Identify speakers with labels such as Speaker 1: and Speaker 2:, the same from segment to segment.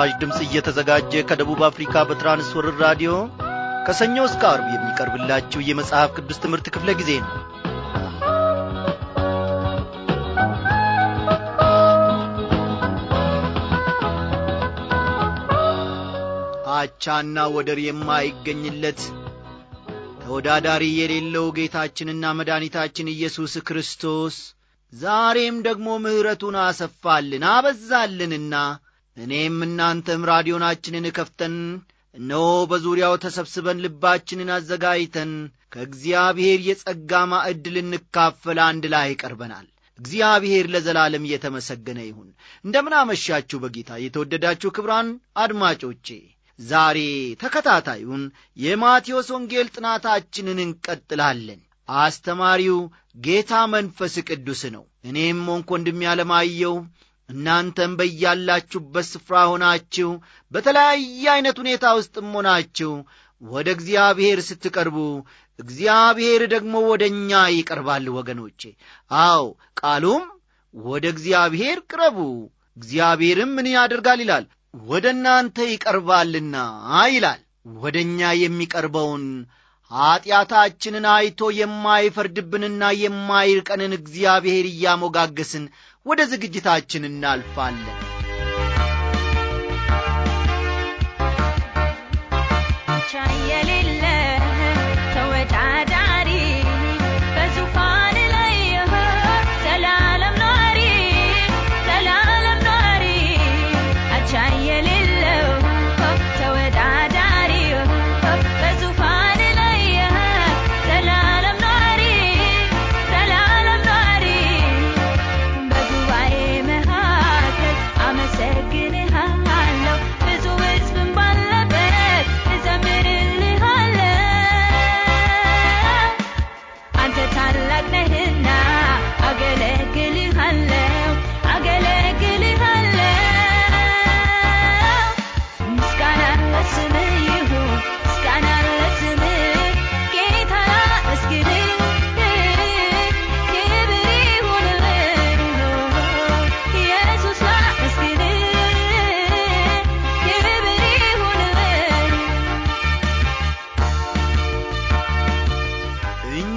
Speaker 1: ለመስራች ድምፅ እየተዘጋጀ ከደቡብ አፍሪካ በትራንስወርር ራዲዮ ከሰኞ እስከ አርብ የሚቀርብላችሁ የመጽሐፍ ቅዱስ ትምህርት ክፍለ ጊዜ ነው አቻና ወደር የማይገኝለት ተወዳዳሪ የሌለው ጌታችንና መድኃኒታችን ኢየሱስ ክርስቶስ ዛሬም ደግሞ ምሕረቱን አሰፋልን አበዛልንና እኔም እናንተም ራዲዮናችንን ከፍተን እነሆ በዙሪያው ተሰብስበን ልባችንን አዘጋጅተን ከእግዚአብሔር የጸጋ ማዕድ ልንካፈል አንድ ላይ ቀርበናል። እግዚአብሔር ለዘላለም እየተመሰገነ ይሁን። እንደምናመሻችሁ በጌታ የተወደዳችሁ ክብራን አድማጮቼ፣ ዛሬ ተከታታዩን የማቴዎስ ወንጌል ጥናታችንን እንቀጥላለን። አስተማሪው ጌታ መንፈስ ቅዱስ ነው። እኔም ሆንኩ ወንድሜ እናንተም በያላችሁበት ስፍራ ሆናችሁ በተለያየ ዐይነት ሁኔታ ውስጥም ሆናችሁ ወደ እግዚአብሔር ስትቀርቡ እግዚአብሔር ደግሞ ወደ እኛ ይቀርባል። ወገኖቼ፣ አዎ ቃሉም ወደ እግዚአብሔር ቅረቡ፣ እግዚአብሔርም ምን ያደርጋል ይላል? ወደ እናንተ ይቀርባልና ይላል። ወደ እኛ የሚቀርበውን ኀጢአታችንን አይቶ የማይፈርድብንና የማይርቀንን እግዚአብሔር እያሞጋገስን ወደ ዝግጅታችን እናልፋለን።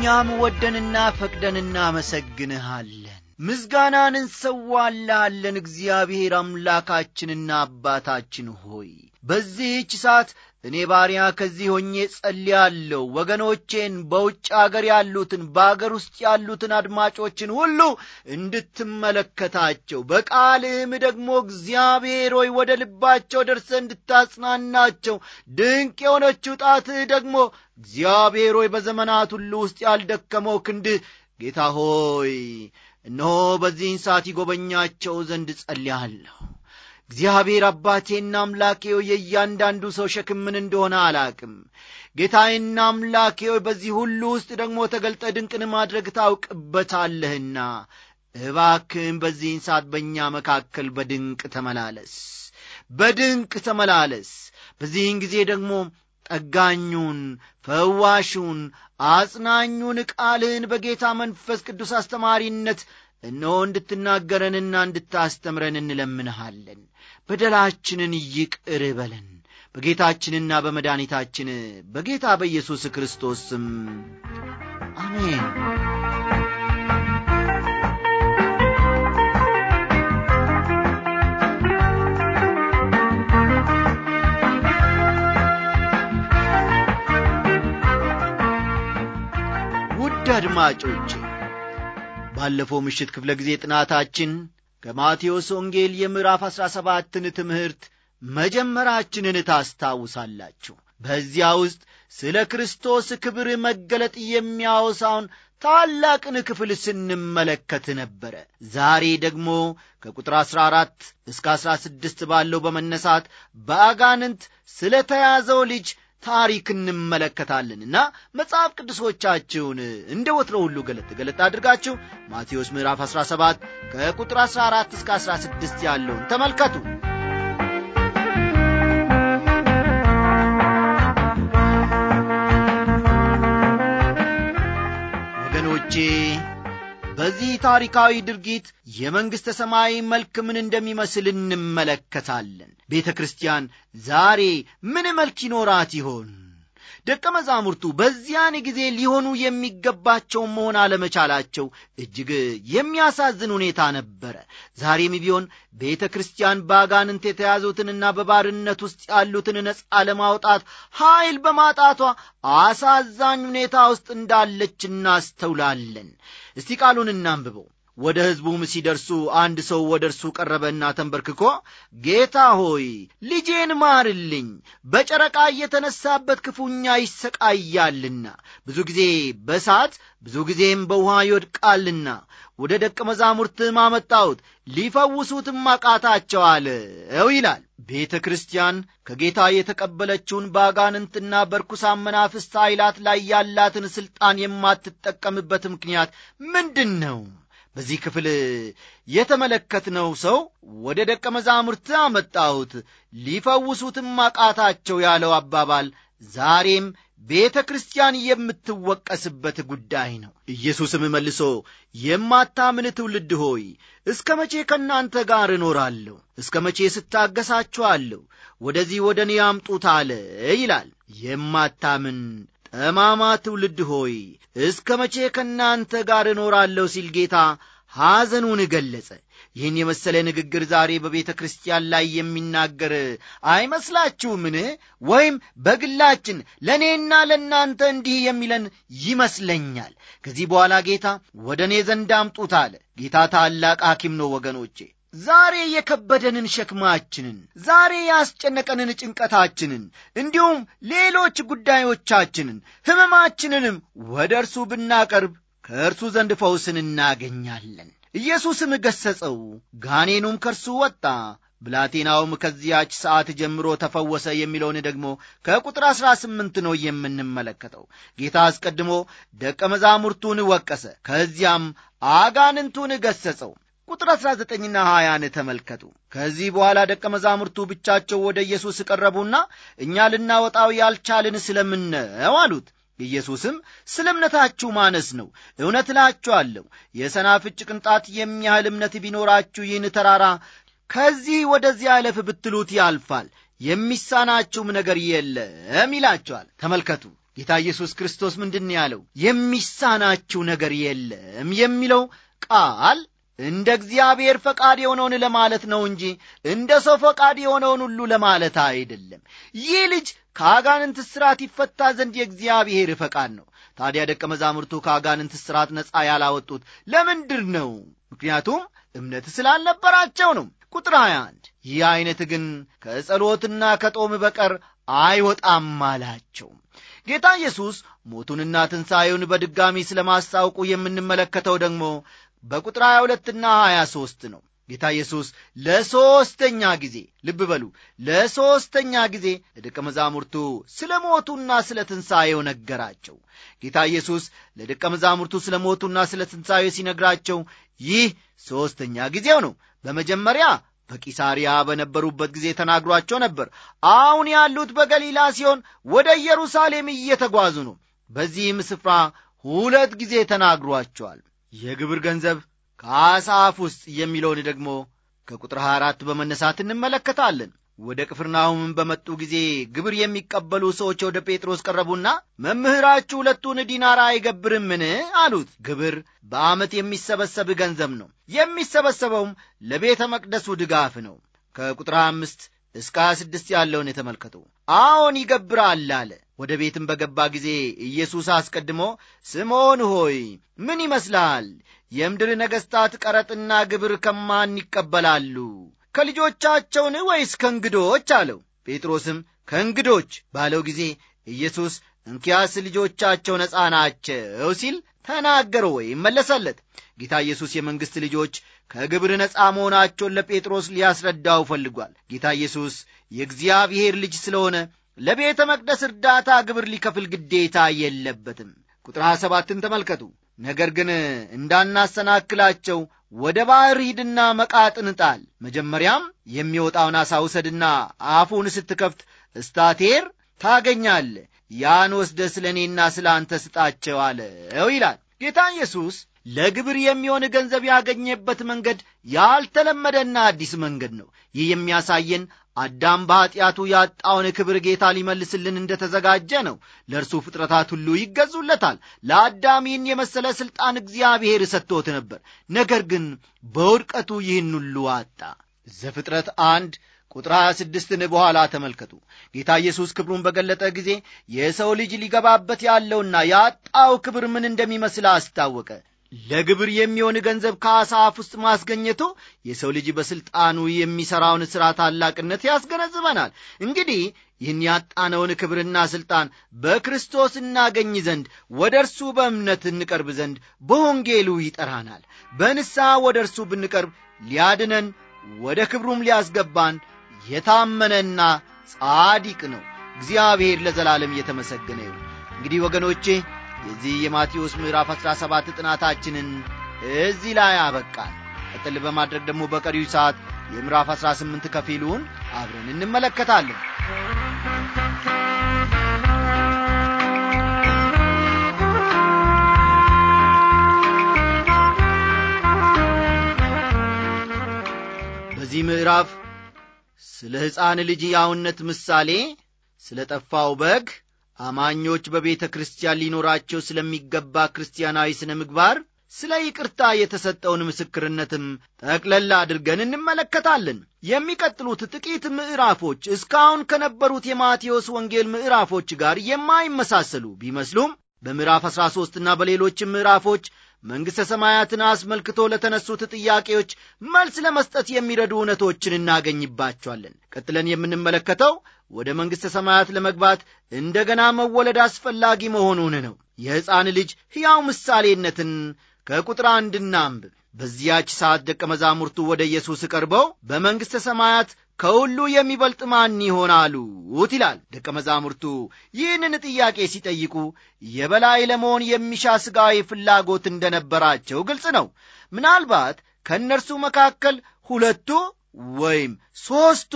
Speaker 1: እኛም ወደንና ፈቅደን እናመሰግንሃለን ምዝጋናን እንሰዋላለን እግዚአብሔር አምላካችንና አባታችን ሆይ በዚህች ሰዓት እኔ ባሪያ ከዚህ ሆኜ ጸልያለሁ። ወገኖቼን በውጭ አገር ያሉትን በአገር ውስጥ ያሉትን አድማጮችን ሁሉ እንድትመለከታቸው በቃልህም ደግሞ እግዚአብሔር ሆይ ወደ ልባቸው ደርሰ እንድታጽናናቸው ድንቅ የሆነችው ጣትህ ደግሞ እግዚአብሔር ሆይ በዘመናት ሁሉ ውስጥ ያልደከመው ክንድህ ጌታ ሆይ እነሆ በዚህን ሰዓት ይጐበኛቸው ዘንድ ጸልያለሁ። እግዚአብሔር አባቴና አምላኬ ሆይ የእያንዳንዱ ሰው ሸክም ምን እንደሆነ አላቅም። ጌታዬና አምላኬ ሆይ በዚህ ሁሉ ውስጥ ደግሞ ተገልጠ ድንቅን ማድረግ ታውቅበታለህና እባክም በዚህን ሰዓት በእኛ መካከል በድንቅ ተመላለስ፣ በድንቅ ተመላለስ። በዚህን ጊዜ ደግሞ ጠጋኙን፣ ፈዋሹን፣ አጽናኙን ቃልህን በጌታ መንፈስ ቅዱስ አስተማሪነት እነሆ እንድትናገረንና እንድታስተምረን እንለምንሃለን። በደላችንን ይቅር በለን በጌታችንና በመድኃኒታችን በጌታ በኢየሱስ ክርስቶስ ስም አሜን። ውድ አድማጮቼ ባለፈው ምሽት ክፍለ ጊዜ ጥናታችን ከማቴዎስ ወንጌል የምዕራፍ ዐሥራ ሰባትን ትምህርት መጀመራችንን ታስታውሳላችሁ። በዚያ ውስጥ ስለ ክርስቶስ ክብር መገለጥ የሚያወሳውን ታላቅን ክፍል ስንመለከት ነበረ። ዛሬ ደግሞ ከቁጥር ዐሥራ አራት እስከ ዐሥራ ስድስት ባለው በመነሳት በአጋንንት ስለ ተያዘው ልጅ ታሪክ እንመለከታለንና መጽሐፍ ቅዱሶቻችሁን እንደ ወትሮ ሁሉ ገለጥ ገለጥ አድርጋችሁ ማቴዎስ ምዕራፍ 17 ከቁጥር 14 እስከ 16 ያለውን ተመልከቱ ወገኖቼ በዚህ ታሪካዊ ድርጊት የመንግሥተ ሰማይ መልክ ምን እንደሚመስል እንመለከታለን። ቤተ ክርስቲያን ዛሬ ምን መልክ ይኖራት ይሆን? ደቀ መዛሙርቱ በዚያን ጊዜ ሊሆኑ የሚገባቸውን መሆን አለመቻላቸው እጅግ የሚያሳዝን ሁኔታ ነበረ። ዛሬም ቢሆን ቤተ ክርስቲያን በአጋንንት የተያዙትንና በባርነት ውስጥ ያሉትን ነጻ ለማውጣት ኃይል በማጣቷ አሳዛኝ ሁኔታ ውስጥ እንዳለች እናስተውላለን። እስቲ ቃሉን እናንብበው። ወደ ሕዝቡም ሲደርሱ አንድ ሰው ወደ እርሱ ቀረበና ተንበርክኮ ጌታ ሆይ ልጄን ማርልኝ፣ በጨረቃ እየተነሳበት ክፉኛ ይሰቃያልና፣ ብዙ ጊዜ በሳት ብዙ ጊዜም በውሃ ይወድቃልና፣ ወደ ደቀ መዛሙርትም አመጣሁት ሊፈውሱትም አቃታቸው አለው ይላል። ቤተ ክርስቲያን ከጌታ የተቀበለችውን በአጋንንትና በርኩሳን መናፍስት ኃይላት ላይ ያላትን ሥልጣን የማትጠቀምበት ምክንያት ምንድን ነው? በዚህ ክፍል የተመለከትነው ሰው ወደ ደቀ መዛሙርት አመጣሁት ሊፈውሱትም አቃታቸው ያለው አባባል ዛሬም ቤተ ክርስቲያን የምትወቀስበት ጉዳይ ነው። ኢየሱስም መልሶ የማታምን ትውልድ ሆይ እስከ መቼ ከእናንተ ጋር እኖራለሁ? እስከ መቼ ስታገሳችኋለሁ? ወደዚህ ወደ እኔ አምጡት አለ ይላል። የማታምን ጠማማ ትውልድ ሆይ እስከ መቼ ከእናንተ ጋር እኖራለሁ ሲል ጌታ ሐዘኑን ገለጸ። ይህን የመሰለ ንግግር ዛሬ በቤተ ክርስቲያን ላይ የሚናገር አይመስላችሁምን? ወይም በግላችን ለእኔና ለእናንተ እንዲህ የሚለን ይመስለኛል። ከዚህ በኋላ ጌታ ወደ እኔ ዘንድ አምጡት አለ። ጌታ ታላቅ ሐኪም ነው ወገኖቼ ዛሬ የከበደንን ሸክማችንን፣ ዛሬ ያስጨነቀንን ጭንቀታችንን፣ እንዲሁም ሌሎች ጉዳዮቻችንን፣ ሕመማችንንም ወደ እርሱ ብናቀርብ ከእርሱ ዘንድ ፈውስን እናገኛለን። ኢየሱስም ገሰጸው ጋኔኑም ከእርሱ ወጣ፣ ብላቴናውም ከዚያች ሰዓት ጀምሮ ተፈወሰ የሚለውን ደግሞ ከቁጥር አሥራ ስምንት ነው የምንመለከተው። ጌታ አስቀድሞ ደቀ መዛሙርቱን ወቀሰ፣ ከዚያም አጋንንቱን ገሰጸው። ቁጥር አሥራ ዘጠኝና ሀያን ተመልከቱ። ከዚህ በኋላ ደቀ መዛሙርቱ ብቻቸው ወደ ኢየሱስ ቀረቡና እኛ ልናወጣው ያልቻልን ስለምን አሉት። ኢየሱስም ስለ እምነታችሁ ማነስ ነው፣ እውነት እላችኋለሁ የሰናፍጭ ቅንጣት የሚያህል እምነት ቢኖራችሁ ይህን ተራራ ከዚህ ወደዚያ አለፍ ብትሉት ያልፋል፣ የሚሳናችሁም ነገር የለም ይላቸዋል። ተመልከቱ ጌታ ኢየሱስ ክርስቶስ ምንድን ያለው? የሚሳናችሁ ነገር የለም የሚለው ቃል እንደ እግዚአብሔር ፈቃድ የሆነውን ለማለት ነው እንጂ እንደ ሰው ፈቃድ የሆነውን ሁሉ ለማለት አይደለም። ይህ ልጅ ከአጋንንት እስራት ይፈታ ዘንድ የእግዚአብሔር ፈቃድ ነው። ታዲያ ደቀ መዛሙርቱ ከአጋንንት እስራት ነፃ ያላወጡት ለምንድር ነው? ምክንያቱም እምነት ስላልነበራቸው ነው። ቁጥር 21 ይህ ዐይነት ግን ከጸሎትና ከጦም በቀር አይወጣም አላቸው። ጌታ ኢየሱስ ሞቱንና ትንሣኤውን በድጋሚ ስለማስታውቁ የምንመለከተው ደግሞ በቁጥር 22ና 23 ነው። ጌታ ኢየሱስ ለሦስተኛ ጊዜ ልብ በሉ፣ ለሦስተኛ ጊዜ ለደቀ መዛሙርቱ ስለ ሞቱና ስለ ትንሣኤው ነገራቸው። ጌታ ኢየሱስ ለደቀ መዛሙርቱ ስለ ሞቱና ስለ ትንሣኤው ሲነግራቸው ይህ ሦስተኛ ጊዜው ነው። በመጀመሪያ በቂሳሪያ በነበሩበት ጊዜ ተናግሯቸው ነበር። አሁን ያሉት በገሊላ ሲሆን ወደ ኢየሩሳሌም እየተጓዙ ነው። በዚህም ስፍራ ሁለት ጊዜ ተናግሯቸዋል። የግብር ገንዘብ ከአሳፍ ውስጥ የሚለውን ደግሞ ከቁጥር 24 በመነሳት እንመለከታለን። ወደ ቅፍርናሆምም በመጡ ጊዜ ግብር የሚቀበሉ ሰዎች ወደ ጴጥሮስ ቀረቡና መምህራችሁ ሁለቱን ዲናር አይገብርምን አሉት። ግብር በዓመት የሚሰበሰብ ገንዘብ ነው። የሚሰበሰበውም ለቤተ መቅደሱ ድጋፍ ነው። ከቁጥር አምስት እስከ 26 ያለውን የተመልከቱ። አዎን ይገብራል አለ። ወደ ቤትም በገባ ጊዜ ኢየሱስ አስቀድሞ ስምዖን ሆይ ምን ይመስላል? የምድር ነገሥታት ቀረጥና ግብር ከማን ይቀበላሉ? ከልጆቻቸውን ወይስ ከእንግዶች አለው። ጴጥሮስም ከእንግዶች ባለው ጊዜ ኢየሱስ እንኪያስ ልጆቻቸው ነፃ ናቸው ሲል ተናገረ ወይም መለሰለት። ጌታ ኢየሱስ የመንግሥት ልጆች ከግብር ነፃ መሆናቸውን ለጴጥሮስ ሊያስረዳው ፈልጓል። ጌታ ኢየሱስ የእግዚአብሔር ልጅ ስለሆነ ለቤተ መቅደስ እርዳታ ግብር ሊከፍል ግዴታ የለበትም። ቁጥር 27 ተመልከቱ። ነገር ግን እንዳናሰናክላቸው ወደ ባሕር ሂድና መቃጥን ጣል። መጀመሪያም የሚወጣውን አሳ ውሰድና አፉን ስትከፍት እስታቴር ታገኛለ። ያን ወስደ ስለ እኔና ስለ አንተ ስጣቸው አለው ይላል ጌታ ኢየሱስ። ለግብር የሚሆን ገንዘብ ያገኘበት መንገድ ያልተለመደና አዲስ መንገድ ነው። ይህ የሚያሳየን አዳም በኀጢአቱ ያጣውን ክብር ጌታ ሊመልስልን እንደ ተዘጋጀ ነው። ለእርሱ ፍጥረታት ሁሉ ይገዙለታል። ለአዳም ይህን የመሰለ ሥልጣን እግዚአብሔር ሰጥቶት ነበር። ነገር ግን በውድቀቱ ይህን ሁሉ አጣ። ዘፍጥረት አንድ ቁጥር 26ን በኋላ ተመልከቱ። ጌታ ኢየሱስ ክብሩን በገለጠ ጊዜ የሰው ልጅ ሊገባበት ያለውና ያጣው ክብር ምን እንደሚመስል አስታወቀ። ለግብር የሚሆን ገንዘብ ከዓሣ አፍ ውስጥ ማስገኘቱ የሰው ልጅ በሥልጣኑ የሚሠራውን ሥራ ታላቅነት ያስገነዝበናል። እንግዲህ ይህን ያጣነውን ክብርና ሥልጣን በክርስቶስ እናገኝ ዘንድ ወደ እርሱ በእምነት እንቀርብ ዘንድ በወንጌሉ ይጠራናል። በንሳ ወደ እርሱ ብንቀርብ ሊያድነን ወደ ክብሩም ሊያስገባን የታመነና ጻዲቅ ነው። እግዚአብሔር ለዘላለም እየተመሰገነ ይሁን። እንግዲህ ወገኖቼ የዚህ የማቴዎስ ምዕራፍ 17 ጥናታችንን እዚህ ላይ አበቃል። ቀጥል በማድረግ ደግሞ በቀሪው ሰዓት የምዕራፍ 18 ከፊሉን አብረን እንመለከታለን። በዚህ ምዕራፍ ስለ ሕፃን ልጅ ሕያውነት ምሳሌ፣ ስለ ጠፋው በግ አማኞች በቤተ ክርስቲያን ሊኖራቸው ስለሚገባ ክርስቲያናዊ ስነ ምግባር ስለ ይቅርታ የተሰጠውን ምስክርነትም ጠቅለላ አድርገን እንመለከታለን። የሚቀጥሉት ጥቂት ምዕራፎች እስካሁን ከነበሩት የማቴዎስ ወንጌል ምዕራፎች ጋር የማይመሳሰሉ ቢመስሉም በምዕራፍ 13ና በሌሎችም ምዕራፎች መንግሥተ ሰማያትን አስመልክቶ ለተነሱት ጥያቄዎች መልስ ለመስጠት የሚረዱ እውነቶችን እናገኝባቸዋለን። ቀጥለን የምንመለከተው ወደ መንግሥተ ሰማያት ለመግባት እንደ ገና መወለድ አስፈላጊ መሆኑን ነው። የሕፃን ልጅ ሕያው ምሳሌነትን ከቁጥር አንድ እናንብብ። በዚያች ሰዓት ደቀ መዛሙርቱ ወደ ኢየሱስ ቀርበው በመንግሥተ ሰማያት ከሁሉ የሚበልጥ ማን ይሆናሉት? ይላል። ደቀ መዛሙርቱ ይህንን ጥያቄ ሲጠይቁ የበላይ ለመሆን የሚሻ ሥጋዊ ፍላጎት እንደነበራቸው ግልጽ ነው። ምናልባት ከእነርሱ መካከል ሁለቱ ወይም ሦስቱ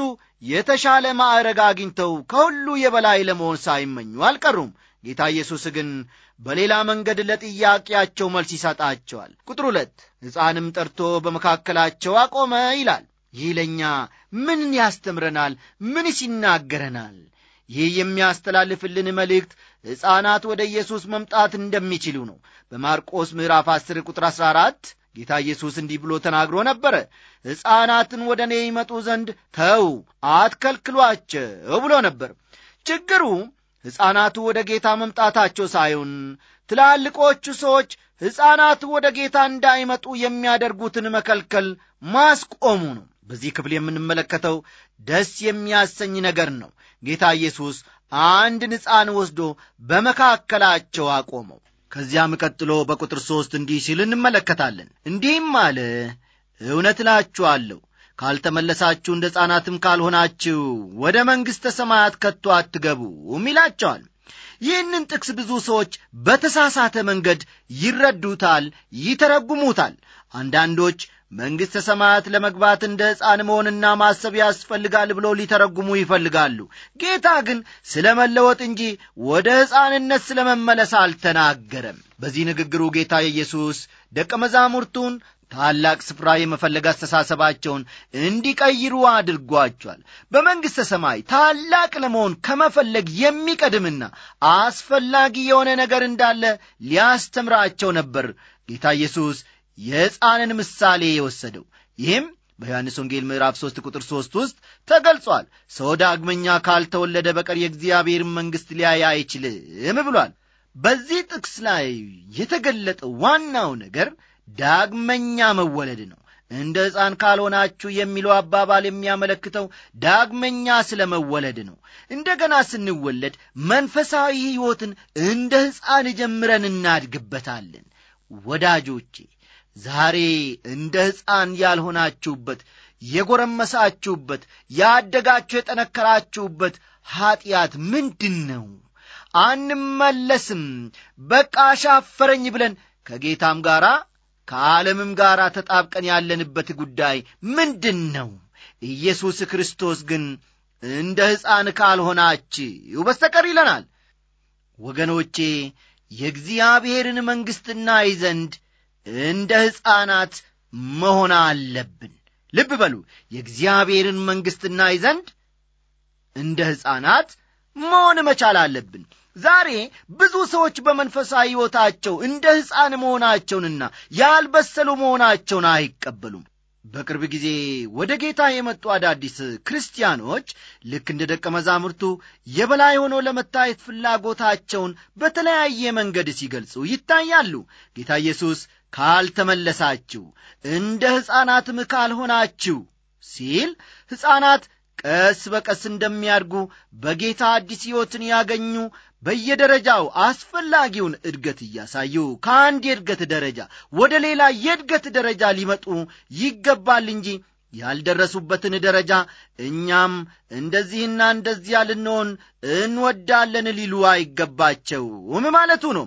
Speaker 1: የተሻለ ማዕረግ አግኝተው ከሁሉ የበላይ ለመሆን ሳይመኙ አልቀሩም። ጌታ ኢየሱስ ግን በሌላ መንገድ ለጥያቄያቸው መልስ ይሰጣቸዋል። ቁጥር ሁለት ሕፃንም ጠርቶ በመካከላቸው አቆመ ይላል። ይህ ለእኛ ምን ያስተምረናል? ምንስ ይናገረናል? ይህ የሚያስተላልፍልን መልእክት ሕፃናት ወደ ኢየሱስ መምጣት እንደሚችሉ ነው። በማርቆስ ምዕራፍ 10 ቁጥር 14 ጌታ ኢየሱስ እንዲህ ብሎ ተናግሮ ነበረ ሕፃናትን ወደ እኔ ይመጡ ዘንድ ተው አትከልክሏቸው ብሎ ነበር ችግሩ ሕፃናቱ ወደ ጌታ መምጣታቸው ሳይሆን ትላልቆቹ ሰዎች ሕፃናት ወደ ጌታ እንዳይመጡ የሚያደርጉትን መከልከል ማስቆሙ ነው በዚህ ክፍል የምንመለከተው ደስ የሚያሰኝ ነገር ነው ጌታ ኢየሱስ አንድን ሕፃን ወስዶ በመካከላቸው አቆመው ከዚያም ቀጥሎ በቁጥር ሦስት እንዲህ ሲል እንመለከታለን። እንዲህም አለ፣ እውነት እላችኋለሁ ካልተመለሳችሁ እንደ ሕፃናትም ካልሆናችሁ ወደ መንግሥተ ሰማያት ከቶ አትገቡም ይላቸዋል። ይህንን ጥቅስ ብዙ ሰዎች በተሳሳተ መንገድ ይረዱታል፣ ይተረጉሙታል። አንዳንዶች መንግሥተ ሰማያት ለመግባት እንደ ሕፃን መሆንና ማሰብ ያስፈልጋል ብሎ ሊተረጉሙ ይፈልጋሉ። ጌታ ግን ስለ መለወጥ እንጂ ወደ ሕፃንነት ስለ መመለስ አልተናገረም። በዚህ ንግግሩ ጌታ ኢየሱስ ደቀ መዛሙርቱን ታላቅ ስፍራ የመፈለግ አስተሳሰባቸውን እንዲቀይሩ አድርጓቸዋል። በመንግሥተ ሰማይ ታላቅ ለመሆን ከመፈለግ የሚቀድምና አስፈላጊ የሆነ ነገር እንዳለ ሊያስተምራቸው ነበር ጌታ ኢየሱስ የሕፃንን ምሳሌ የወሰደው ይህም በዮሐንስ ወንጌል ምዕራፍ 3 ቁጥር 3 ውስጥ ተገልጿል። ሰው ዳግመኛ ካልተወለደ በቀር የእግዚአብሔር መንግሥት ሊያይ አይችልም ብሏል። በዚህ ጥቅስ ላይ የተገለጠ ዋናው ነገር ዳግመኛ መወለድ ነው። እንደ ሕፃን ካልሆናችሁ የሚለው አባባል የሚያመለክተው ዳግመኛ ስለ መወለድ ነው። እንደገና ስንወለድ መንፈሳዊ ሕይወትን እንደ ሕፃን ጀምረን እናድግበታለን። ወዳጆቼ ዛሬ እንደ ሕፃን ያልሆናችሁበት የጎረመሳችሁበት ያደጋችሁ የጠነከራችሁበት ኀጢአት ምንድን ነው? አንመለስም፣ በቃ አሻፈረኝ ብለን ከጌታም ጋር ከዓለምም ጋር ተጣብቀን ያለንበት ጉዳይ ምንድን ነው? ኢየሱስ ክርስቶስ ግን እንደ ሕፃን ካልሆናችሁ በስተቀር ይለናል። ወገኖቼ የእግዚአብሔርን መንግሥትና ይዘንድ? እንደ ሕፃናት መሆን አለብን። ልብ በሉ የእግዚአብሔርን መንግሥት እናይ ዘንድ እንደ ሕፃናት መሆን መቻል አለብን። ዛሬ ብዙ ሰዎች በመንፈሳዊ ሕይወታቸው እንደ ሕፃን መሆናቸውንና ያልበሰሉ መሆናቸውን አይቀበሉም። በቅርብ ጊዜ ወደ ጌታ የመጡ አዳዲስ ክርስቲያኖች ልክ እንደ ደቀ መዛሙርቱ የበላይ ሆኖ ለመታየት ፍላጎታቸውን በተለያየ መንገድ ሲገልጹ ይታያሉ። ጌታ ኢየሱስ ካልተመለሳችሁ እንደ ሕፃናትም ካልሆናችሁ ሲል ሕፃናት ቀስ በቀስ እንደሚያድጉ በጌታ አዲስ ሕይወትን ያገኙ በየደረጃው አስፈላጊውን እድገት እያሳዩ ከአንድ የእድገት ደረጃ ወደ ሌላ የእድገት ደረጃ ሊመጡ ይገባል እንጂ ያልደረሱበትን ደረጃ እኛም እንደዚህና እንደዚያ ልንሆን እንወዳለን ሊሉ አይገባቸውም ማለቱ ነው።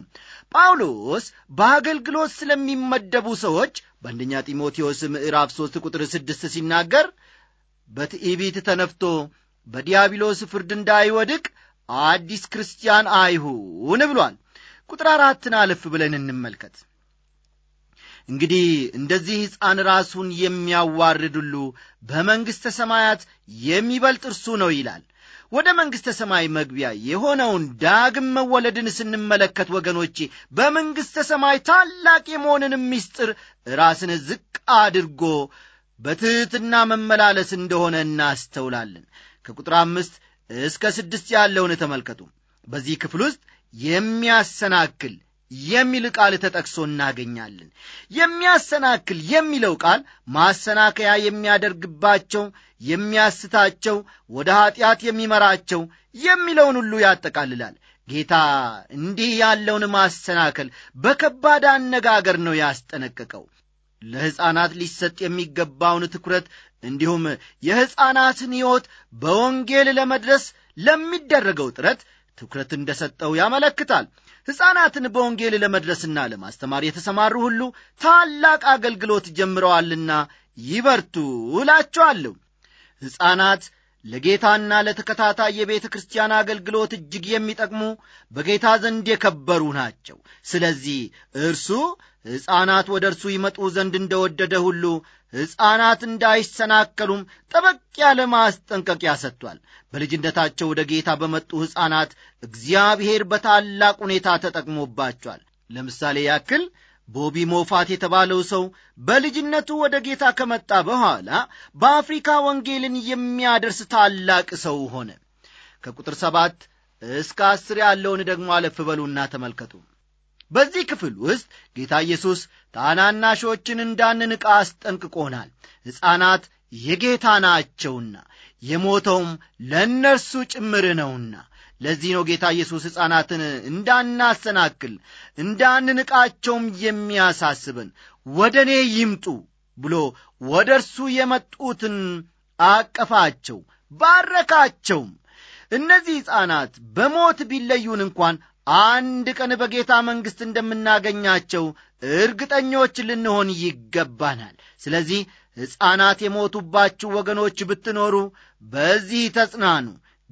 Speaker 1: ጳውሎስ በአገልግሎት ስለሚመደቡ ሰዎች በአንደኛ ጢሞቴዎስ ምዕራፍ 3 ቁጥር 6 ሲናገር በትዕቢት ተነፍቶ በዲያብሎስ ፍርድ እንዳይወድቅ አዲስ ክርስቲያን አይሁን ብሏል። ቁጥር አራትን አለፍ ብለን እንመልከት። እንግዲህ እንደዚህ ሕፃን ራሱን የሚያዋርድ ሁሉ በመንግሥተ ሰማያት የሚበልጥ እርሱ ነው ይላል። ወደ መንግሥተ ሰማይ መግቢያ የሆነውን ዳግም መወለድን ስንመለከት ወገኖቼ በመንግሥተ ሰማይ ታላቅ የመሆንን ምስጢር ራስን ዝቅ አድርጎ በትሕትና መመላለስ እንደሆነ እናስተውላለን። ከቁጥር አምስት እስከ ስድስት ያለውን ተመልከቱ። በዚህ ክፍል ውስጥ የሚያሰናክል የሚል ቃል ተጠቅሶ እናገኛለን። የሚያሰናክል የሚለው ቃል ማሰናከያ የሚያደርግባቸው፣ የሚያስታቸው፣ ወደ ኀጢአት የሚመራቸው የሚለውን ሁሉ ያጠቃልላል። ጌታ እንዲህ ያለውን ማሰናከል በከባድ አነጋገር ነው ያስጠነቀቀው። ለሕፃናት ሊሰጥ የሚገባውን ትኩረት እንዲሁም የሕፃናትን ሕይወት በወንጌል ለመድረስ ለሚደረገው ጥረት ትኩረት እንደ ሰጠው ያመለክታል። ሕፃናትን በወንጌል ለመድረስና ለማስተማር የተሰማሩ ሁሉ ታላቅ አገልግሎት ጀምረዋልና ይበርቱ እላችኋለሁ። ሕፃናት ለጌታና ለተከታታይ የቤተ ክርስቲያን አገልግሎት እጅግ የሚጠቅሙ በጌታ ዘንድ የከበሩ ናቸው። ስለዚህ እርሱ ሕፃናት ወደ እርሱ ይመጡ ዘንድ እንደወደደ ሁሉ ሕፃናት እንዳይሰናከሉም ጠበቅ ያለ ማስጠንቀቂያ ሰጥቷል። በልጅነታቸው ወደ ጌታ በመጡ ሕፃናት እግዚአብሔር በታላቅ ሁኔታ ተጠቅሞባቸዋል። ለምሳሌ ያክል ቦቢ ሞፋት የተባለው ሰው በልጅነቱ ወደ ጌታ ከመጣ በኋላ በአፍሪካ ወንጌልን የሚያደርስ ታላቅ ሰው ሆነ። ከቁጥር ሰባት እስከ አስር ያለውን ደግሞ አለፍ በሉና ተመልከቱ። በዚህ ክፍል ውስጥ ጌታ ኢየሱስ ታናናሾችን እንዳንንቃ አስጠንቅቆናል። ሕፃናት የጌታ ናቸውና የሞተውም ለእነርሱ ጭምር ነውና። ለዚህ ነው ጌታ ኢየሱስ ሕፃናትን እንዳናሰናክል እንዳንንቃቸውም የሚያሳስበን ወደ እኔ ይምጡ ብሎ ወደ እርሱ የመጡትን አቀፋቸው፣ ባረካቸውም። እነዚህ ሕፃናት በሞት ቢለዩን እንኳን አንድ ቀን በጌታ መንግሥት እንደምናገኛቸው እርግጠኞች ልንሆን ይገባናል። ስለዚህ ሕፃናት የሞቱባችሁ ወገኖች ብትኖሩ በዚህ ተጽናኑ።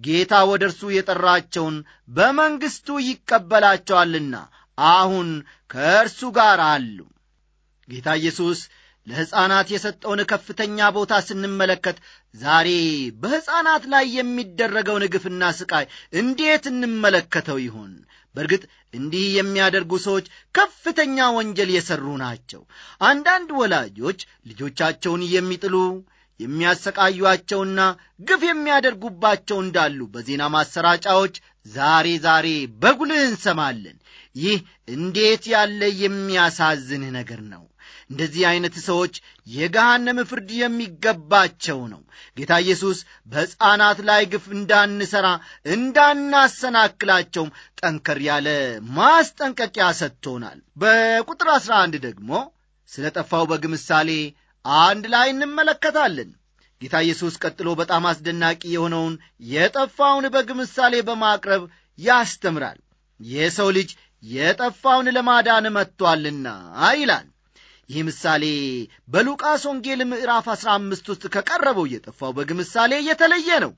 Speaker 1: ጌታ ወደ እርሱ የጠራቸውን በመንግሥቱ ይቀበላቸዋልና አሁን ከእርሱ ጋር አሉ። ጌታ ኢየሱስ ለሕፃናት የሰጠውን ከፍተኛ ቦታ ስንመለከት ዛሬ በሕፃናት ላይ የሚደረገውን ግፍና ስቃይ እንዴት እንመለከተው ይሆን? በእርግጥ እንዲህ የሚያደርጉ ሰዎች ከፍተኛ ወንጀል የሠሩ ናቸው። አንዳንድ ወላጆች ልጆቻቸውን የሚጥሉ የሚያሰቃዩአቸውና ግፍ የሚያደርጉባቸው እንዳሉ በዜና ማሰራጫዎች ዛሬ ዛሬ በጉልህ እንሰማለን። ይህ እንዴት ያለ የሚያሳዝንህ ነገር ነው። እንደዚህ አይነት ሰዎች የገሃነም ፍርድ የሚገባቸው ነው። ጌታ ኢየሱስ በሕፃናት ላይ ግፍ እንዳንሠራ እንዳናሰናክላቸውም ጠንከር ያለ ማስጠንቀቂያ ሰጥቶናል። በቁጥር አሥራ አንድ ደግሞ ስለ ጠፋው በግ ምሳሌ አንድ ላይ እንመለከታለን። ጌታ ኢየሱስ ቀጥሎ በጣም አስደናቂ የሆነውን የጠፋውን በግ ምሳሌ በማቅረብ ያስተምራል። የሰው ልጅ የጠፋውን ለማዳን መጥቶአልና ይላል። ይህ ምሳሌ በሉቃስ ወንጌል ምዕራፍ 15 ውስጥ ከቀረበው የጠፋው በግ ምሳሌ የተለየ ነው።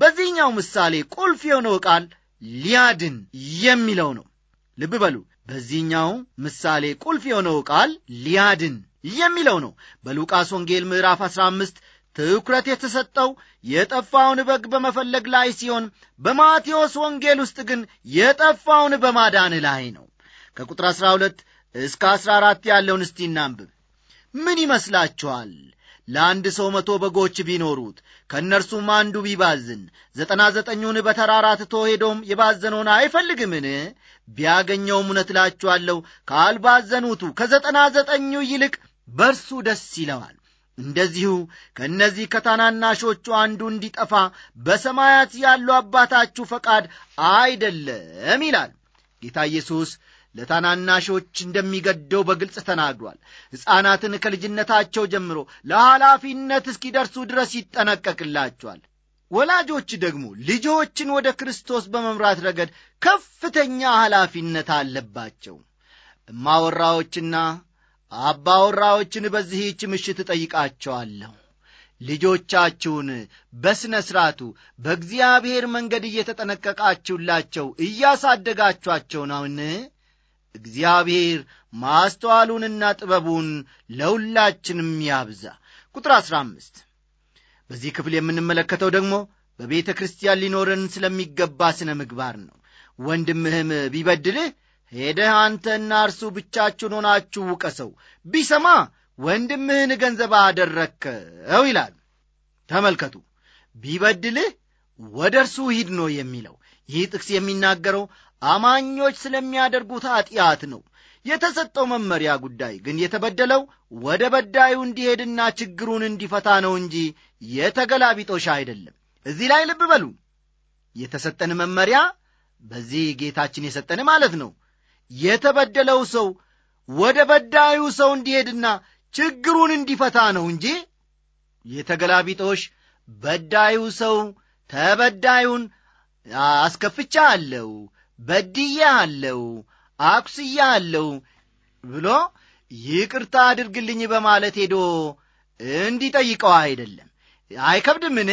Speaker 1: በዚህኛው ምሳሌ ቁልፍ የሆነው ቃል ሊያድን የሚለው ነው። ልብ በሉ። በዚህኛው ምሳሌ ቁልፍ የሆነው ቃል ሊያድን የሚለው ነው። በሉቃስ ወንጌል ምዕራፍ 15 ትኩረት የተሰጠው የጠፋውን በግ በመፈለግ ላይ ሲሆን በማቴዎስ ወንጌል ውስጥ ግን የጠፋውን በማዳን ላይ ነው። ከቁጥር 12 እስከ አሥራ አራት ያለውን እስቲ እናንብብ። ምን ይመስላችኋል? ለአንድ ሰው መቶ በጎች ቢኖሩት ከእነርሱም አንዱ ቢባዝን ዘጠና ዘጠኙን በተራራ ትቶ ሄዶም የባዘነውን አይፈልግምን? ቢያገኘውም እውነት እላችኋለሁ ካልባዘኑቱ ከዘጠና ዘጠኙ ይልቅ በርሱ ደስ ይለዋል። እንደዚሁ ከእነዚህ ከታናናሾቹ አንዱ እንዲጠፋ በሰማያት ያሉ አባታችሁ ፈቃድ አይደለም ይላል ጌታ ኢየሱስ ለታናናሾች እንደሚገደው በግልጽ ተናግሯል። ሕፃናትን ከልጅነታቸው ጀምሮ ለኃላፊነት እስኪደርሱ ድረስ ይጠነቀቅላቸዋል። ወላጆች ደግሞ ልጆችን ወደ ክርስቶስ በመምራት ረገድ ከፍተኛ ኃላፊነት አለባቸው። እማወራዎችና አባወራዎችን በዚህች ምሽት እጠይቃቸዋለሁ። ልጆቻችሁን በሥነ ሥርዓቱ በእግዚአብሔር መንገድ እየተጠነቀቃችሁላቸው እያሳደጋችኋቸው ነውን? እግዚአብሔር ማስተዋሉንና ጥበቡን ለሁላችንም ያብዛ። ቁጥር 15 በዚህ ክፍል የምንመለከተው ደግሞ በቤተ ክርስቲያን ሊኖረን ስለሚገባ ስነ ምግባር ነው። ወንድምህም ቢበድልህ ሄደህ አንተና እርሱ ብቻችሁን ሆናችሁ ውቀሰው፣ ቢሰማ ወንድምህን ገንዘብ አደረግከው ይላል። ተመልከቱ፣ ቢበድልህ ወደ እርሱ ሂድ ነው የሚለው። ይህ ጥቅስ የሚናገረው አማኞች ስለሚያደርጉት ኀጢአት ነው። የተሰጠው መመሪያ ጉዳይ ግን የተበደለው ወደ በዳዩ እንዲሄድና ችግሩን እንዲፈታ ነው እንጂ የተገላቢጦሽ አይደለም። እዚህ ላይ ልብ በሉ። የተሰጠን መመሪያ በዚህ ጌታችን የሰጠን ማለት ነው። የተበደለው ሰው ወደ በዳዩ ሰው እንዲሄድና ችግሩን እንዲፈታ ነው እንጂ የተገላቢጦሽ በዳዩ ሰው ተበዳዩን አስከፍቻ አለው በድያ አለው አኩስያ አለው ብሎ ይቅርታ አድርግልኝ በማለት ሄዶ እንዲጠይቀው አይደለም። አይከብድምን?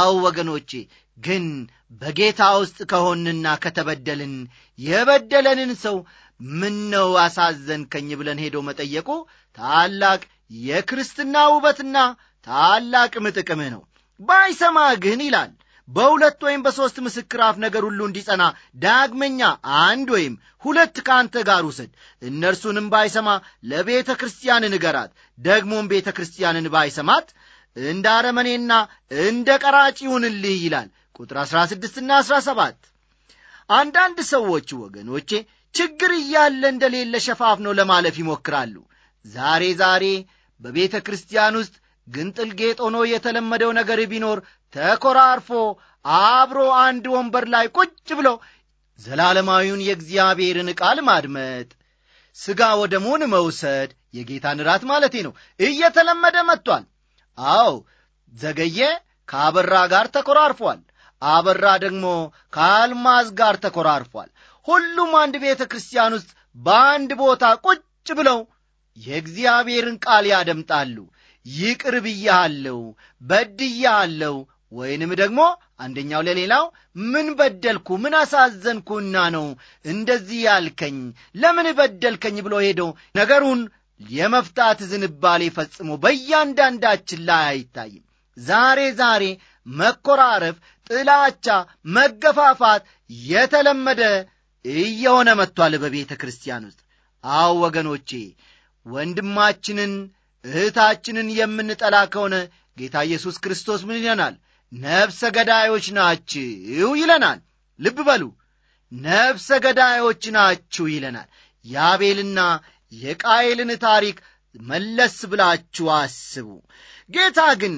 Speaker 1: አው ወገኖቼ፣ ግን በጌታ ውስጥ ከሆንና ከተበደልን የበደለንን ሰው ምነው አሳዘንከኝ ብለን ሄዶ መጠየቁ ታላቅ የክርስትና ውበትና ታላቅ ጥቅም ነው። ባይሰማ ግን ይላል በሁለት ወይም በሦስት ምስክር አፍ ነገር ሁሉ እንዲጸና ዳግመኛ አንድ ወይም ሁለት ከአንተ ጋር ውሰድ። እነርሱንም ባይሰማ ለቤተ ክርስቲያን ንገራት። ደግሞም ቤተ ክርስቲያንን ባይሰማት እንደ አረመኔና እንደ ቀራጭ ይሁንልህ ይላል። ቁጥር 16ና 17 አንዳንድ ሰዎች ወገኖቼ ችግር እያለ እንደሌለ ነው ለማለፍ ይሞክራሉ። ዛሬ ዛሬ በቤተ ክርስቲያን ውስጥ ግን ጥልጌጥ ሆኖ የተለመደው ነገር ቢኖር ተኮራርፎ አብሮ አንድ ወንበር ላይ ቁጭ ብሎ ዘላለማዊውን የእግዚአብሔርን ቃል ማድመጥ ሥጋ ወደሙን መውሰድ የጌታን ራት ማለቴ ነው እየተለመደ መጥቷል አዎ ዘገየ ከአበራ ጋር ተኮራርፏል አበራ ደግሞ ከአልማዝ ጋር ተኮራርፏል ሁሉም አንድ ቤተ ክርስቲያን ውስጥ በአንድ ቦታ ቁጭ ብለው የእግዚአብሔርን ቃል ያደምጣሉ ይቅር ብያሃለሁ፣ በድያሃለሁ ወይንም ደግሞ አንደኛው ለሌላው ምን በደልኩ ምን አሳዘንኩና ነው እንደዚህ ያልከኝ ለምን በደልከኝ ብሎ ሄዶ ነገሩን የመፍታት ዝንባሌ ፈጽሞ በእያንዳንዳችን ላይ አይታይም። ዛሬ ዛሬ መኮራረፍ፣ ጥላቻ፣ መገፋፋት የተለመደ እየሆነ መጥቷል በቤተ ክርስቲያን ውስጥ። አዎ ወገኖቼ ወንድማችንን እህታችንን የምንጠላ ከሆነ ጌታ ኢየሱስ ክርስቶስ ምን ይለናል? ነፍሰ ገዳዮች ናችሁ ይለናል። ልብ በሉ፣ ነፍሰ ገዳዮች ናችሁ ይለናል። የአቤልና የቃየልን ታሪክ መለስ ብላችሁ አስቡ። ጌታ ግን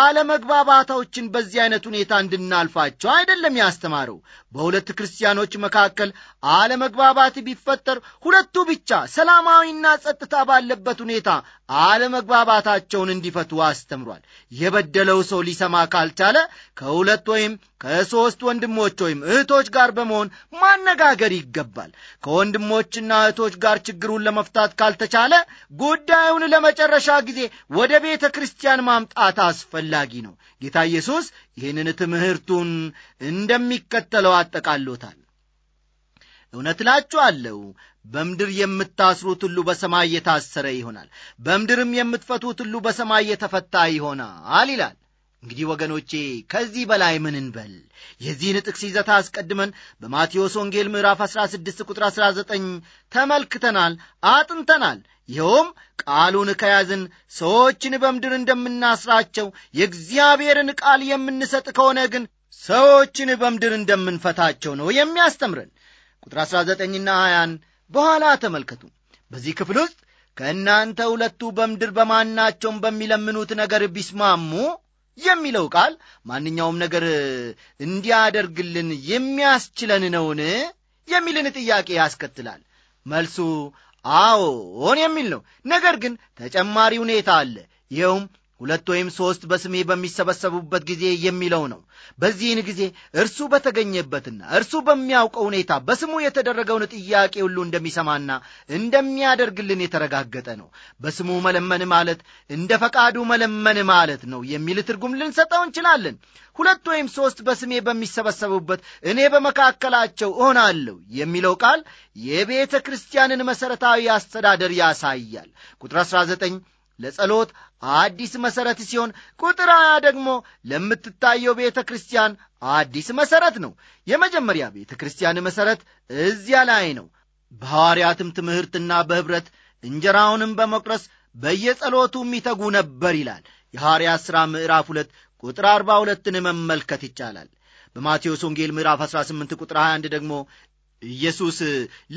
Speaker 1: አለመግባባታዎችን በዚህ አይነት ሁኔታ እንድናልፋቸው አይደለም ያስተማረው። በሁለት ክርስቲያኖች መካከል አለመግባባት ቢፈጠር ሁለቱ ብቻ ሰላማዊና ጸጥታ ባለበት ሁኔታ አለመግባባታቸውን እንዲፈቱ አስተምሯል። የበደለው ሰው ሊሰማ ካልቻለ ከሁለት ወይም ከሦስት ወንድሞች ወይም እህቶች ጋር በመሆን ማነጋገር ይገባል። ከወንድሞችና እህቶች ጋር ችግሩን ለመፍታት ካልተቻለ ጉዳዩን ለመጨረሻ ጊዜ ወደ ቤተ ክርስቲያን ማምጣት አስፈ አስፈላጊ ነው። ጌታ ኢየሱስ ይህንን ትምህርቱን እንደሚከተለው አጠቃሎታል። እውነት እላችኋለሁ በምድር የምታስሩት ሁሉ በሰማይ የታሰረ ይሆናል፣ በምድርም የምትፈቱት ሁሉ በሰማይ የተፈታ ይሆናል ይላል። እንግዲህ ወገኖቼ ከዚህ በላይ ምን እንበል? የዚህን ጥቅስ ይዘታ አስቀድመን በማቴዎስ ወንጌል ምዕራፍ 16 ቁጥር 19 ተመልክተናል፣ አጥንተናል። ይኸውም ቃሉን ከያዝን ሰዎችን በምድር እንደምናስራቸው የእግዚአብሔርን ቃል የምንሰጥ ከሆነ ግን ሰዎችን በምድር እንደምንፈታቸው ነው የሚያስተምረን። ቁጥር 19ና 20ን በኋላ ተመልከቱ። በዚህ ክፍል ውስጥ ከእናንተ ሁለቱ በምድር በማናቸውም በሚለምኑት ነገር ቢስማሙ የሚለው ቃል ማንኛውም ነገር እንዲያደርግልን የሚያስችለን ነውን የሚልን ጥያቄ ያስከትላል። መልሱ አዎን የሚል ነው። ነገር ግን ተጨማሪ ሁኔታ አለ። ይኸውም ሁለት ወይም ሦስት በስሜ በሚሰበሰቡበት ጊዜ የሚለው ነው። በዚህን ጊዜ እርሱ በተገኘበትና እርሱ በሚያውቀው ሁኔታ በስሙ የተደረገውን ጥያቄ ሁሉ እንደሚሰማና እንደሚያደርግልን የተረጋገጠ ነው። በስሙ መለመን ማለት እንደ ፈቃዱ መለመን ማለት ነው የሚል ትርጉም ልንሰጠው እንችላለን። ሁለት ወይም ሦስት በስሜ በሚሰበሰቡበት እኔ በመካከላቸው እሆናለሁ የሚለው ቃል የቤተ ክርስቲያንን መሠረታዊ አስተዳደር ያሳያል። ቁጥር 19 ለጸሎት አዲስ መሠረት ሲሆን ቁጥር ሃያ ደግሞ ለምትታየው ቤተ ክርስቲያን አዲስ መሠረት ነው። የመጀመሪያ ቤተ ክርስቲያን መሠረት እዚያ ላይ ነው። በሐዋርያትም ትምህርትና በኅብረት እንጀራውንም በመቁረስ በየጸሎቱ የሚተጉ ነበር ይላል። የሐዋርያ ሥራ ምዕራፍ 2 ቁጥር 42 ሁለትን መመልከት ይቻላል። በማቴዎስ ወንጌል ምዕራፍ 18 ቁጥር 21 ደግሞ ኢየሱስ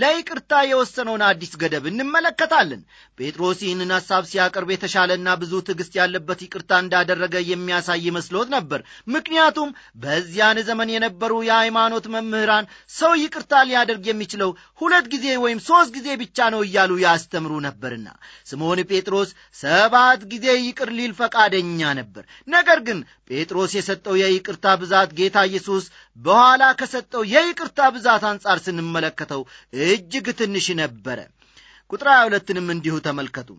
Speaker 1: ለይቅርታ የወሰነውን አዲስ ገደብ እንመለከታለን። ጴጥሮስ ይህንን ሐሳብ ሲያቀርብ የተሻለና ብዙ ትዕግሥት ያለበት ይቅርታ እንዳደረገ የሚያሳይ መስሎት ነበር። ምክንያቱም በዚያን ዘመን የነበሩ የሃይማኖት መምህራን ሰው ይቅርታ ሊያደርግ የሚችለው ሁለት ጊዜ ወይም ሦስት ጊዜ ብቻ ነው እያሉ ያስተምሩ ነበርና ስምዖን ጴጥሮስ ሰባት ጊዜ ይቅር ሊል ፈቃደኛ ነበር። ነገር ግን ጴጥሮስ የሰጠው የይቅርታ ብዛት ጌታ ኢየሱስ በኋላ ከሰጠው የይቅርታ ብዛት አንጻር ስንመለከተው እጅግ ትንሽ ነበረ። ቁጥር ሃያ ሁለትንም እንዲሁ ተመልከቱ።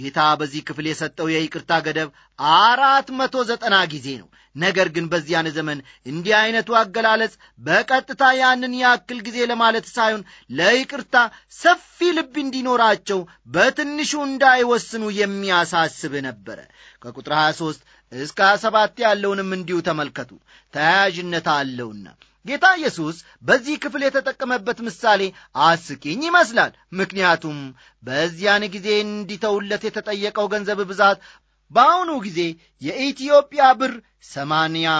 Speaker 1: ጌታ በዚህ ክፍል የሰጠው የይቅርታ ገደብ አራት መቶ ዘጠና ጊዜ ነው። ነገር ግን በዚያን ዘመን እንዲህ ዐይነቱ አገላለጽ በቀጥታ ያንን ያክል ጊዜ ለማለት ሳይሆን ለይቅርታ ሰፊ ልብ እንዲኖራቸው በትንሹ እንዳይወስኑ የሚያሳስብ ነበረ። ከቁጥር 23 እስከ 27 ያለውንም እንዲሁ ተመልከቱ፣ ተያያዥነት አለውና ጌታ ኢየሱስ በዚህ ክፍል የተጠቀመበት ምሳሌ አስቂኝ ይመስላል። ምክንያቱም በዚያን ጊዜ እንዲተውለት የተጠየቀው ገንዘብ ብዛት በአሁኑ ጊዜ የኢትዮጵያ ብር ሰማንያ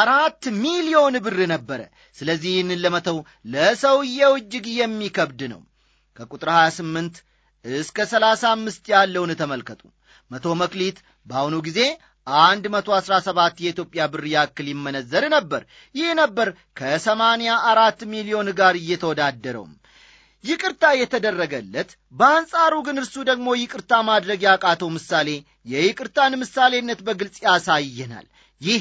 Speaker 1: አራት ሚሊዮን ብር ነበረ። ስለዚህ ይህንን ለመተው ለሰውየው እጅግ የሚከብድ ነው። ከቁጥር 28 እስከ 35 ያለውን ተመልከቱ። መቶ መክሊት በአሁኑ ጊዜ አንድ መቶ አሥራ ሰባት የኢትዮጵያ ብር ያክል ይመነዘር ነበር። ይህ ነበር ከሰማንያ አራት ሚሊዮን ጋር እየተወዳደረውም ይቅርታ የተደረገለት በአንጻሩ ግን እርሱ ደግሞ ይቅርታ ማድረግ ያቃተው ምሳሌ የይቅርታን ምሳሌነት በግልጽ ያሳየናል። ይህ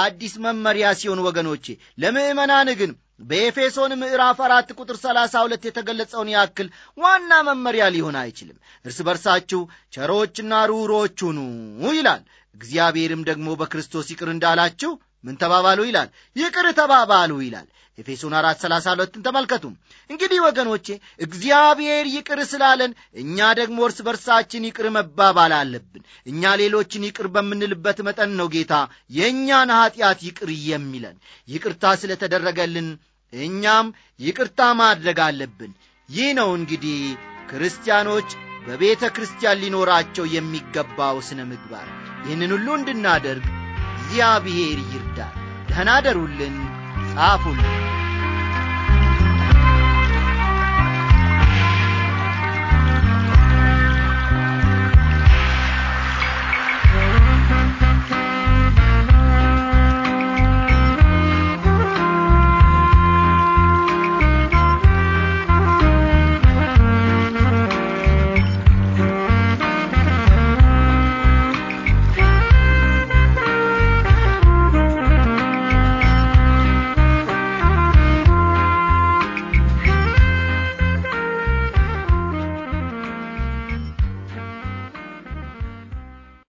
Speaker 1: አዲስ መመሪያ ሲሆን ወገኖቼ፣ ለምዕመናን ግን በኤፌሶን ምዕራፍ አራት ቁጥር ሰላሳ ሁለት የተገለጸውን ያክል ዋና መመሪያ ሊሆን አይችልም። እርስ በርሳችሁ ቸሮችና ርኅሩኆች ሁኑ ይላል። እግዚአብሔርም ደግሞ በክርስቶስ ይቅር እንዳላችሁ ምን ተባባሉ ይላል? ይቅር ተባባሉ ይላል። ኤፌሶን 4 32 ተመልከቱም። እንግዲህ ወገኖቼ እግዚአብሔር ይቅር ስላለን እኛ ደግሞ እርስ በርሳችን ይቅር መባባል አለብን። እኛ ሌሎችን ይቅር በምንልበት መጠን ነው ጌታ የእኛን ኀጢአት ይቅር የሚለን። ይቅርታ ስለተደረገልን እኛም ይቅርታ ማድረግ አለብን። ይህ ነው እንግዲህ ክርስቲያኖች በቤተ ክርስቲያን ሊኖራቸው የሚገባው ስነ ምግባር። ይህንን ሁሉ እንድናደርግ እግዚአብሔር ይርዳል። ደህና ደሩልን። ጻፉልን።